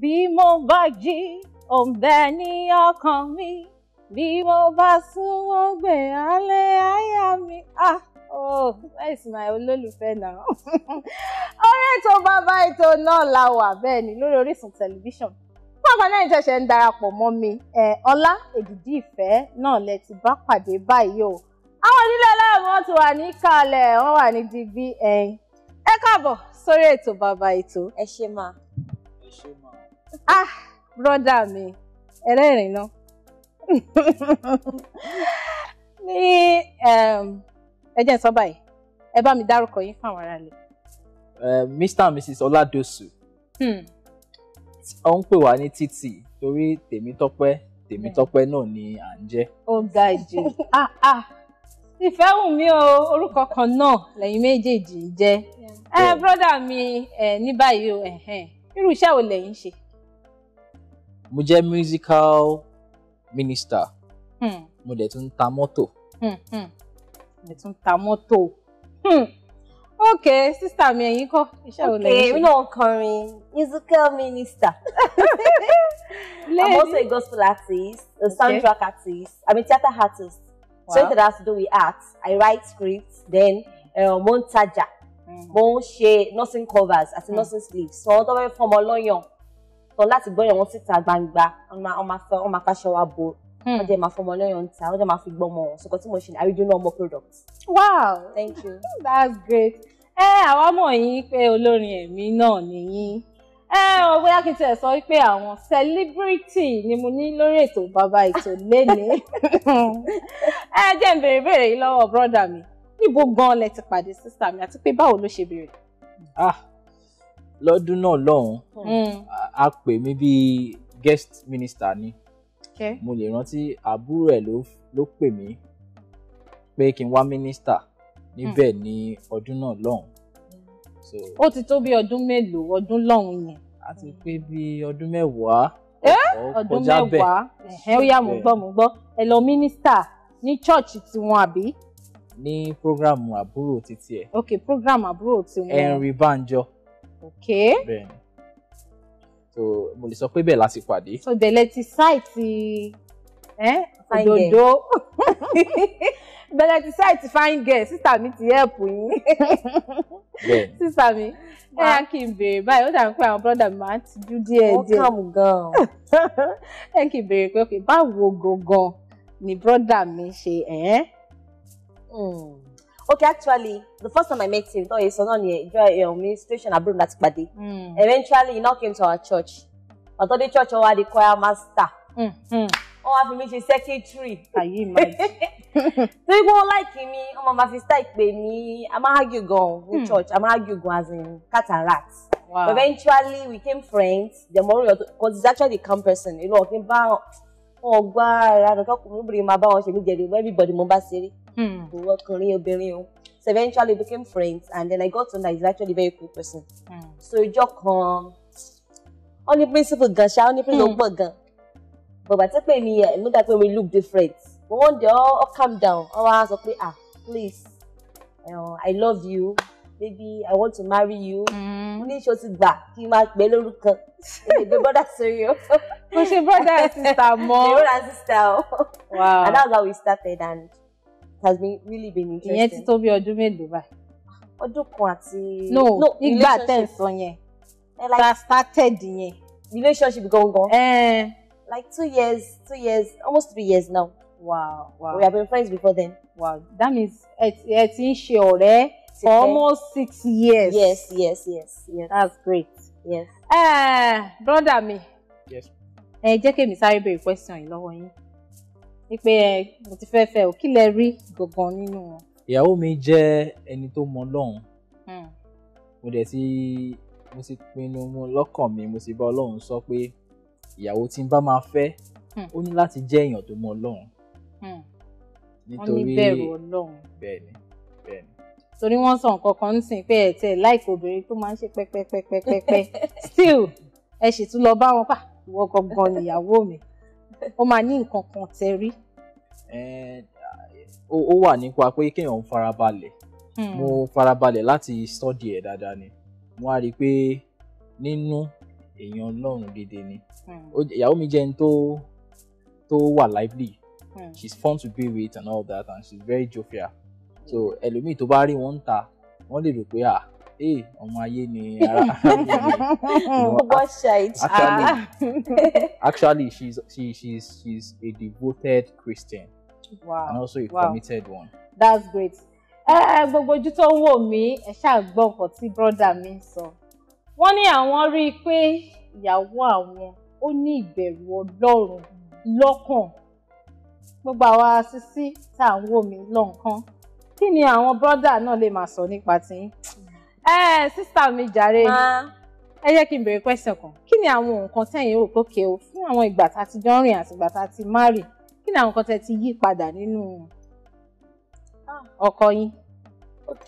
bí mo bá jí òǹbẹ ní ọkàn mi bí mo bá sún gbé alẹ́ àyà mi. Ah, oh, where is my olólùfẹ́ náà? Orí ètò bàbá ètò náà la wà bẹ́ẹ̀ ni lórí Orísun tẹlifíṣàn. Pápá náà ìjọsẹ̀ ń darapọ̀ mọ́ mi. Ọlá èdìdí ìfẹ́ náà lẹ ti bá pàdé báyìí o. Àwọn ìdílé ọlọ́run wọn ti wà ní kalẹ̀, wọ́n wà ní dibí ẹyin. Ẹ káàbọ̀ sórí ètò bàbá ètò. Ẹ ṣe máa. Ẹ ṣe máa ah brọ́dà mi ẹlẹ́rìn náà ní ehm, ẹjẹ́ sọ báyìí ẹ bá mi dárúkọ yín fún àwọn aráàlú. Eh, Mr and Mrs Oladosu hmm. ó ń pè wá ní títì torí Tèmítọ́pẹ́ Tèmítọ́pẹ́ náà ni à ń jẹ́. ó ga ìjì ah ah ìfẹ́ wù mí o orúkọ kan náà lẹ́yìn méjèèjì jẹ́ ẹ eh, brọ́dà mi eh, ní báyìí o irú iṣẹ́ wo lẹ́yìn ṣe mo jẹ́ musical minister hmm. mo dẹ̀ tún ta mọ́tò. Hmm, hmm. mo tún ta mọ́tò ok sísá mi ẹ̀yin kọ́ iṣẹ́ ò lẹ́yìn ṣe. ok náà kọrin musical minister i'm also a gospel artist a soundtrack okay. artist i'm a theatre artist wow. so anything that has to do with art i write scripts then eh, mo ń tajà mo ń ṣe nursing covers àti nursing sleeves so wọn tó bá fẹ́ tán láti gbọ́yàn wọn síta gbangba wọ́n máa fàṣọ wa bo hmm. wọ́n jẹ́ máa fọmọ lọ́yàn ta wọ́n jẹ́ máa fi gbọ́mọ wọn sọ̀kọ́ tí mo ṣe ní àrídùnú ọmọ product. wow thank you that's great. ẹ àwa mọ̀ yín pé olórin ẹ̀mí náà nìyín ẹ ọ bóyá kí n tiẹ̀ sọ pé àwọn celebrity ni mo ní lórí ètò bàbá ètò lẹ́ni ẹ jẹ́ n béèrè béèrè yìí lọ́wọ́ brọ́dà mi níbo gan lẹ ti pàdé sísá mi àti pé báwo ló ṣe bẹ̀rẹ̀. ah lọ́dún náà lọ́hùn-ún hmm. ah, a pè mí bíi guest minister ni okay. mo lè rántí àbúrò ẹ̀ ló ló pè mí pé kí n wá minister níbẹ̀ hmm. ní ọdún náà lọ́hùn. ó ti tó bí ọdún mélòó ọdún lọ́hùn yẹn. a ti pé bí ọdún mẹ́wàá. ọdún mẹ́wàá ẹ̀hẹ́n ó yá mo gbọ́ mo gbọ́ ẹ lọ minister ní church tiwọn àbí ní programu àbúrò títí ẹ. ok programu àbúrò tiwọn. Henry Banjo. ok bẹ́ẹ̀ni so mo lè sọ pé bẹ́ẹ̀ la ti pàdé. ọ̀dẹ̀lẹ̀ ti sáìtì òdòdó bẹ̀rẹ̀ ti sáìtì fine girl sísà mi ti help yín sísà mi ẹ yà kí n béèrè báyìí ó dà ń pé àwọn brọ́dà mi máa ń tijú díẹ̀ díẹ̀ ó kàmù gan-an ẹ kí n béèrè pé okay báwo gangan ni brọ́dà mi ṣe ẹ̀ ẹ́. Hmm okay actually the first time I met him though he's on your uh, ministration um, abroad that pàdé hmm. eventually he now came to our church ọ̀tọ́ dé church ọwọ́ the choir master wọ́n hmm, hmm. wá fi mí ṣe secretary ayé máa torí pé wọ́n láìkí mi ọmọ máa fi style pè mí a máa argue gan ní church a máa argue gan as in cat and rat wow. eventually we came friends The more, because he's actually the calm person you know came back. Oh God, I don't kò mí bìrì máa bá wọn ṣe mí jẹ̀rẹ̀ everybody mo bá ṣeré. Mm. We worked continue So eventually became friends and then I got to know he's actually a very cool person. Mm. So Jokon, only principle gan, ṣá only principle mm. gan. But by the time me, it that when we look different. But one day, all, calm down. All I ask, okay, ah, please, uh, I love you. Maybe I want to marry you. Mo ní ṣo ti gbà kí n a pẹ́ lórúkọ. Èdè brother sórí you. Mo ṣe brother and sister more. Brother and sister Wow. And that's how we started and has been really been interesting. ìyẹn ti tó bí ọdún mélòó báyìí. ọdún kan àti. no ìgbà tẹ̀ ń sọ yẹn eh, ta started yẹn. relationship gangan. Eh. like two years two years almost three years now. wow wow we have been friends before then. wow that means ẹ ti ń ṣe ọ̀rẹ́ for almost six years. yes yes yes yes. that's great. yes. Uh, brother mi. yes. ẹ jẹ́ kí èmi sáré béèrè question yìí lọ́wọ́ yín pé ẹ mo ti fẹ́ fẹ́ ò kí lẹ rí gangan nínú wọn. ìyàwó mi jẹ́ ẹni tó mọ Ọlọ́run hmm. mo dẹ̀ ti mo ti pinnu mo lọ́kàn mi mo sì bá Ọlọ́run sọ pé ìyàwó tí n bá máa fẹ́ hmm. ó ní láti jẹ́ èèyàn tó mọ Ọlọ́run hmm. nítorí bẹ̀rù Ọlọ́run bẹ́ẹ̀ni bẹ́ẹ̀ni torí wọ́n sọ nǹkan kan nísìn pé ẹ tẹ láìpẹ obìnrin tó máa ń ṣe pẹpẹpẹpẹpẹ still ẹ sì tún lọ bá wọn pa ìwọ gangan nìyàwó mi ó máa ní nǹkan kan tẹrí. ó wà nípa pé kéèyàn farabalẹ̀ hmm. mo farabalẹ̀ láti study ẹ̀ dáadáa ni mo wá rí i pé nínú èèyàn ọlọ́run gidi ni hmm. ìyàwó mi jẹ́ ẹni tó tó wà lively mm. she's fun to be with and all that and she's very jovial so ẹlòmíì tó bá rí wọn ń ta wọ́n lè rò pé ah ee ọmọ ayé ni ara ah. actually actually she's she she's she's a devoted Christian wow. and also a wow. committed one. that's great. Eh, eh, gbogbo ojú tó ń wò mí ẹ ṣáà gbọ́ nǹkan tí brọ́dà mi ń sọ wọ́n ní àwọn rí i pé ìyàwó àwọn ó ní ìbẹ̀rù ọlọ́run lọ́kàn gbogbo àwa sísí tá à ń wò mí lọ́nkán kí ni àwọn brọ́dà náà lè máa sọ nípa tiyín ẹ sísá mi jàre ẹ jẹ́ kí n béèrè question kan kí ni àwọn nǹkan tẹ̀yin rò pókè o fún àwọn ìgbà tá ti jọ rìn àti ìgbà tá ti má Kini kí ni àwọn ti yí padà nínú ah. ọkọ yín. ok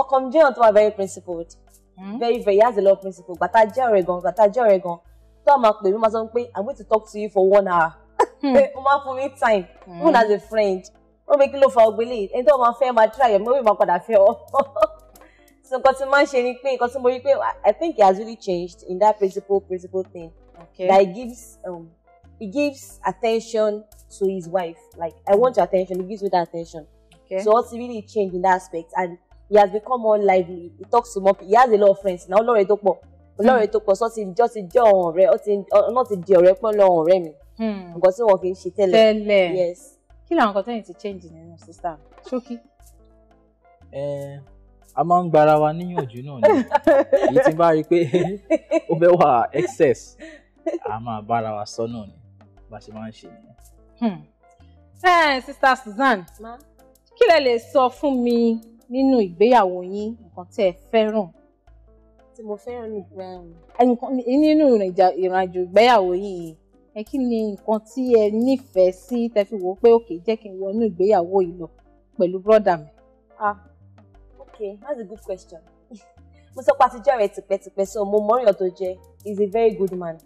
ọkọ mi jẹ́ èèyàn tó wà very principled mm. very very he has a lot of principle gbàtà jẹ́ ọ̀rẹ́ gan gbàtà jẹ́ ọ̀rẹ́ gan tó a máa pè mí máa sọ i'm going to talk to you for one hour pé hmm. o máa fún mi time hmm. even as a friend wọ́n mi kí ló fa ọgbẹ́lẹ̀ ẹni tó ma fẹ́ máa try ẹ̀ mi ó yẹ máa padà so nǹkan tí mo máa ń ṣe ni pé nǹkan tí mo rí pé I think it has really changed in that principle principle thing okay. that he gives um, he gives attention to his wife like I want your attention he gives me that attention okay. so what's really changed in that aspect and he has become more lively he talks to more he has a lot of friends now lọ́rẹ̀ẹ́ tó pọ̀ lọ́rẹ̀ẹ́ tó pọ̀ sọ ti jọ́ ti jẹ́ ọ̀hún ọ̀rẹ́ ọ̀nà ti di ọ̀rẹ́ pọ́n lọ́hún ọ̀rẹ́ mi hmm. nǹkan tí wọ́n fi ń ṣe tẹ́lẹ̀ tẹ́lẹ̀ yes. kí làwọn nǹkan tẹ́yìn ti change nínú sísá ṣókí. Eh, a máa ń gbára wa níyànjú náà ni èyí tí bá rí pé ó fẹ́ wà excess a máa bára wa sọ náà ni bá ṣe máa ń ṣe nìyẹn. ẹ hmm. eh, sista Susan kí lẹ lè sọ fún mi nínú ìgbéyàwó yín nǹkan tẹ́ ẹ fẹ́ràn tí mo fẹ́ràn um, eh, nínú ìrìnàjò ìgbéyàwó yìí ẹ kí ni nǹkan tí ẹ nífẹ̀ẹ́ sí tẹ́ fi wò ó pé òkè jẹ́ kí n wọnú ìgbéyàwó yìí lọ pẹ̀lú brọ́dà mi. ah okay that's a good question mo sọ pé àtijọ́ rẹ̀ tipẹ́tipẹ́ so mo mọ́rìyàn tó jẹ́ is a very good man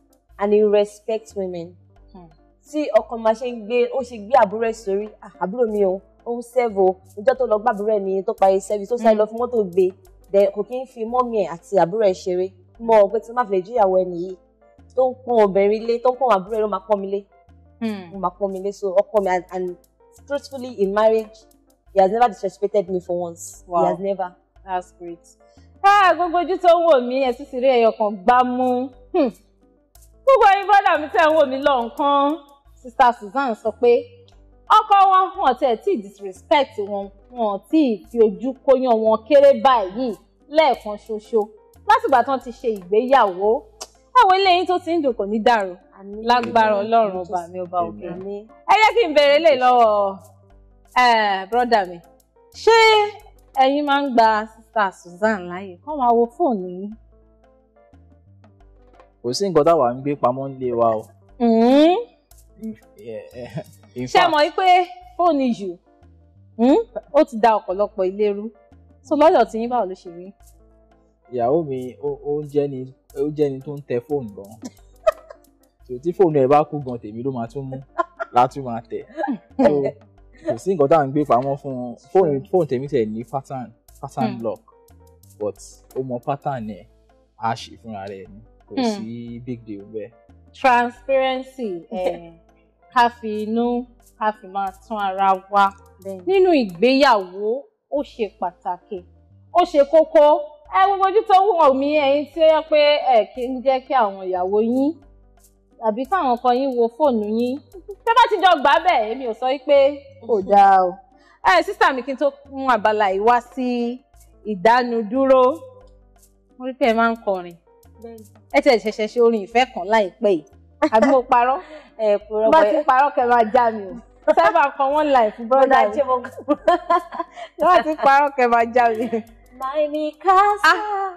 and he respects women hmm. tí ọkọ máa ṣe ń gbé ó ṣe gbé àbúrò ẹ̀ sórí ah, àbúrò mi o ó ń sẹ́ẹ̀vù o ìjọ́ tó lọ gbàbúrò ẹ̀ mi tó parí sẹ́ẹ̀vìsì ó sáré lọ hmm. fi mọ́tò gbé dẹ̀ kò kí ń fi mọ́mí ẹ̀ àti àbúrò ẹ̀ ṣeré mọ́ ọ pé tí má fi jíyàwó ẹ̀ nìyí tó ń pọ́n obìnrin lé tó ń pọ́n àbúrò ẹ̀ ló máa pọ́n mi lé ló hmm. máa pọ́n mi lé so ọkọ mi and truthfully in marriage he has never disrespected me for once wow. he has never. that's great. ah gbogbo ojú tó ń wò mí ẹ sì sì rí ẹyọ kan gbámú hmm. gbogbo ẹ̀yin bọ́dà mi tẹ̀ ń wò mí lọ́nkán sista Susan sọ pé ọkọ wọn wọn tẹ̀ tí disrespect wọn wọn tí fi ojú kóyán wọn kéré báyìí lẹ́ẹ̀kan ṣoṣo látìgbà tán ti ṣe ìgbéyàwó àwọn eléyìí tó ti ń dùn kò ní dàrú lágbára Ọlọ́run ọba mi ọba òkè ẹ jẹ́ kí n bẹ̀rẹ̀ lè lọ́wọ́ Eh, brọ́dà mi ṣé ẹ̀yin máa ń gba sista Susan láàyè kọ́ máa wo fóònù yín. kò sí nǹkan táwa ń gbé pamọ́ nílé wa o. Hmm? ṣé mọ̀ pé fóònù yù hmm, ó ti da ọ̀pọ̀lọpọ̀ ilé rú so lọ́dọ̀ tí yín báwo ló ṣe rí. ìyàwó mi ó jẹ́ ni tó ń tẹ fóònù gan-an tí fóònù ẹ̀ bá kú gan-an tèmi ló máa tún mú látún máa tẹ̀ kò sí nǹkan tá à ń gbé pamọ́ fún wọn fóònù fóònù tèmi tẹ̀ ní pattern pattern hmm. lock but ó mọ pattern ẹ̀ á ṣe fúnra rẹ̀ ni kò hmm. sí big deal bẹ́ẹ̀. transparency eh, ká fi inú ká fi máa tún ara wa nínú ìgbéyàwó ó ṣe pàtàkì ó ṣe kókó ẹ gbogbo ojú tó wù ọ mí ẹ̀yin tí ó yẹ pé ẹ kí ń jẹ́ kí àwọn ìyàwó yín àbí káwọn ọkọ yín wo fóònù yín tẹ́ bá ti jọ gbà bẹ́ẹ̀ èmi ò sọ pé kò dáa o ẹ sísá mi kí n tó mú abala yìí wá sí ìdánudúró mo rí pé ẹ máa ń kọrin ẹ tẹ̀ ṣẹ̀ṣẹ̀ ṣe orin ìfẹ́ kan láìpẹ́ yìí àbí mo parọ́ ẹ purọ́ bá ti parọ́ kẹ́ máa já mi o sábà kan one line fún brọ́dà mi bá ti parọ́ kẹ́ máa já mi. my mikasa. Ah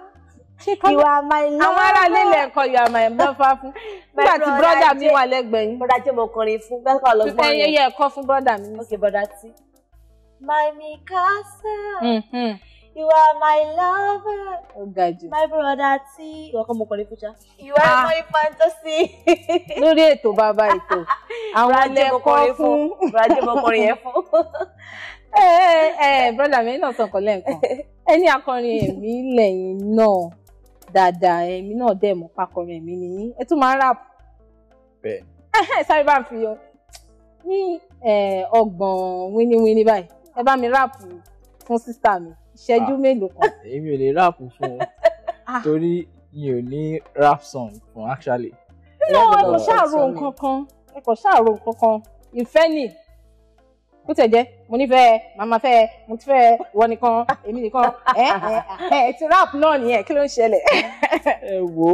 you are my lover. àwọn ará ilé lẹ́ẹ̀kan you are my lover fún. nígbà tí brọ́dà mi wà lẹ́gbẹ̀ẹ́ yín. brọ́dà tí mo kọrin fún bẹ́ẹ̀ kọ́ lọ gbọ́n yẹn. ẹyẹ ẹ̀kọ́ fún brọ́dà mi. ok brọ́dà tí. my Mikasa. Mm-hmm. You are my lover. Ó ga jù. My brother tí ìwọ kan mo kọrin fún ṣá. You are ah. my fantasy. Lórí ètò bàbá ètò. Àwọn ẹlẹ́kọ́ fún. Bùrájẹ́ mo kọrin yẹn fún. Ẹ ẹ brọ́dà mi náà sọ̀kọ̀ lẹ́ẹ̀kan. Ẹni akọrin ẹ̀mí lẹ́yìn náà dáadáa èmi náà dẹ̀ mọ̀ pákọ̀rọ̀ èmi nìyí ẹ tún máa ń rap. bẹ́ẹ̀. sáré bá ń fi ní ọgbọ̀n wíníwíní báyìí ẹ bá mi rap fún sísá mi ìṣẹ́jú ah, mélòó kan. èmi ò lè rap fún ọ ah. torí mi ò ní rap song fún actually. nínú ọ̀rọ̀ ṣàrò nǹkan kan ẹ kò ṣàrò nǹkan kan ìfẹ́ ni bó tẹ̀ jẹ́ mo nífẹ̀ẹ́ màmá fẹ́ mo ti fẹ́ wọ nìkan èmi nìkan ẹ ẹ ẹ ti rap náà nìyẹn kí ló ń ṣẹlẹ̀. ẹ wo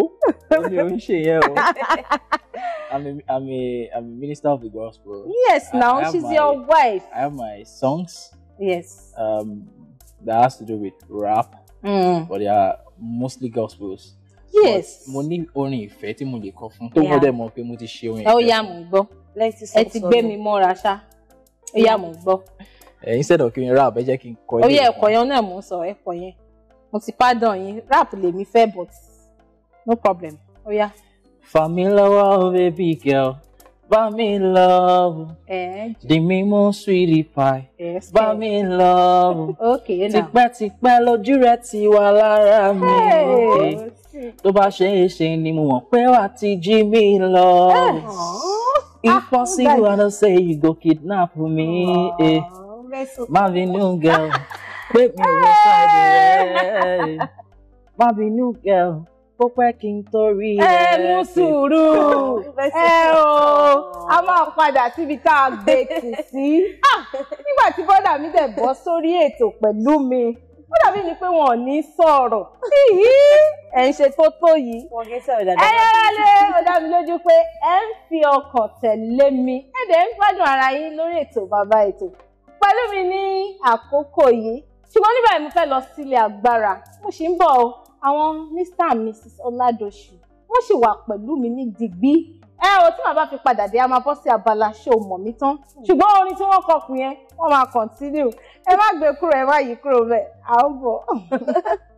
omi ò ń ṣe yẹn o I'm a, I'm a I'm a minister of the gospel. Yes, now I, I she's my, your wife. I have my songs. Yes. Um, that has to do with rap, mm. but they are mostly gospels. Yes. But mo ní orin ìfẹ́ tí mo lè kọ fún tó mọ́ dẹ̀ mọ̀ pé mo ti ṣe orin oh, ìfẹ́. ẹ ó yá mo gbọ́ ẹ ti gbé mi mọ́ra ṣá ìyá mò ń eh, instead of kí rap ẹ jẹ́ kí n kọ ilé. ó yẹ ẹ̀kọ́ yẹn náà mò ń sọ mo ti pardon yín rap lèmi fẹ́ but no problem Oh yeah. fà love, baby girl bá love. Eh. di mímú sweetie pie bá mi lọ́ọ̀bù tipẹ́tipẹ́ lójú rẹ ti wà lára mi tó bá ṣe é ṣe ni mo mọ̀ pé wà á ti jí mi lọ́ọ̀bù. Ah, Impossible, I don't say you go kidnap me. Aww, eh. So Marvin new ah. girl, take me ò lọ sáré rẹ̀. new girl, ó pẹ́ kí n Hey Musuru, hey Ẹ mú sùúrù, ẹ o, a máa padà síbi tá a gbé tì sí. Ah! Nígbà tí bọ́dà mi dẹ̀ bọ́ sórí ètò dàbí ni pé wọn ò ní sọ̀rọ̀ ẹ̀ ń ṣe tó tó yìí ẹ̀yẹ́rẹ́lẹ́ ó dá mi lójú pé ẹ̀ ń fi ọkàn tẹ̀lé mi ẹ̀ dẹ̀ ń gbádùn ara yín lórí ètò bàbá ètò pẹ̀lú mi ní àkókò yìí ṣùgbọ́n nígbà yìí mo fẹ́ lọ sílé agbára mo sì ń bọ̀ àwọn Mr and Mrs Ọládòṣù wọ́n sì wà pẹ̀lú mi ní digbí ẹ o tí màá bá fi padà dé a máa bọ́ sí abala ṣé o mọ̀ mí tán ṣùgbọ́n orin tí wọ́n kọkùn yẹn wọ́n máa kọ̀ntínú ẹ má gbé kúrò ẹ má yí kúrò bẹ́ẹ̀ à ń bọ̀.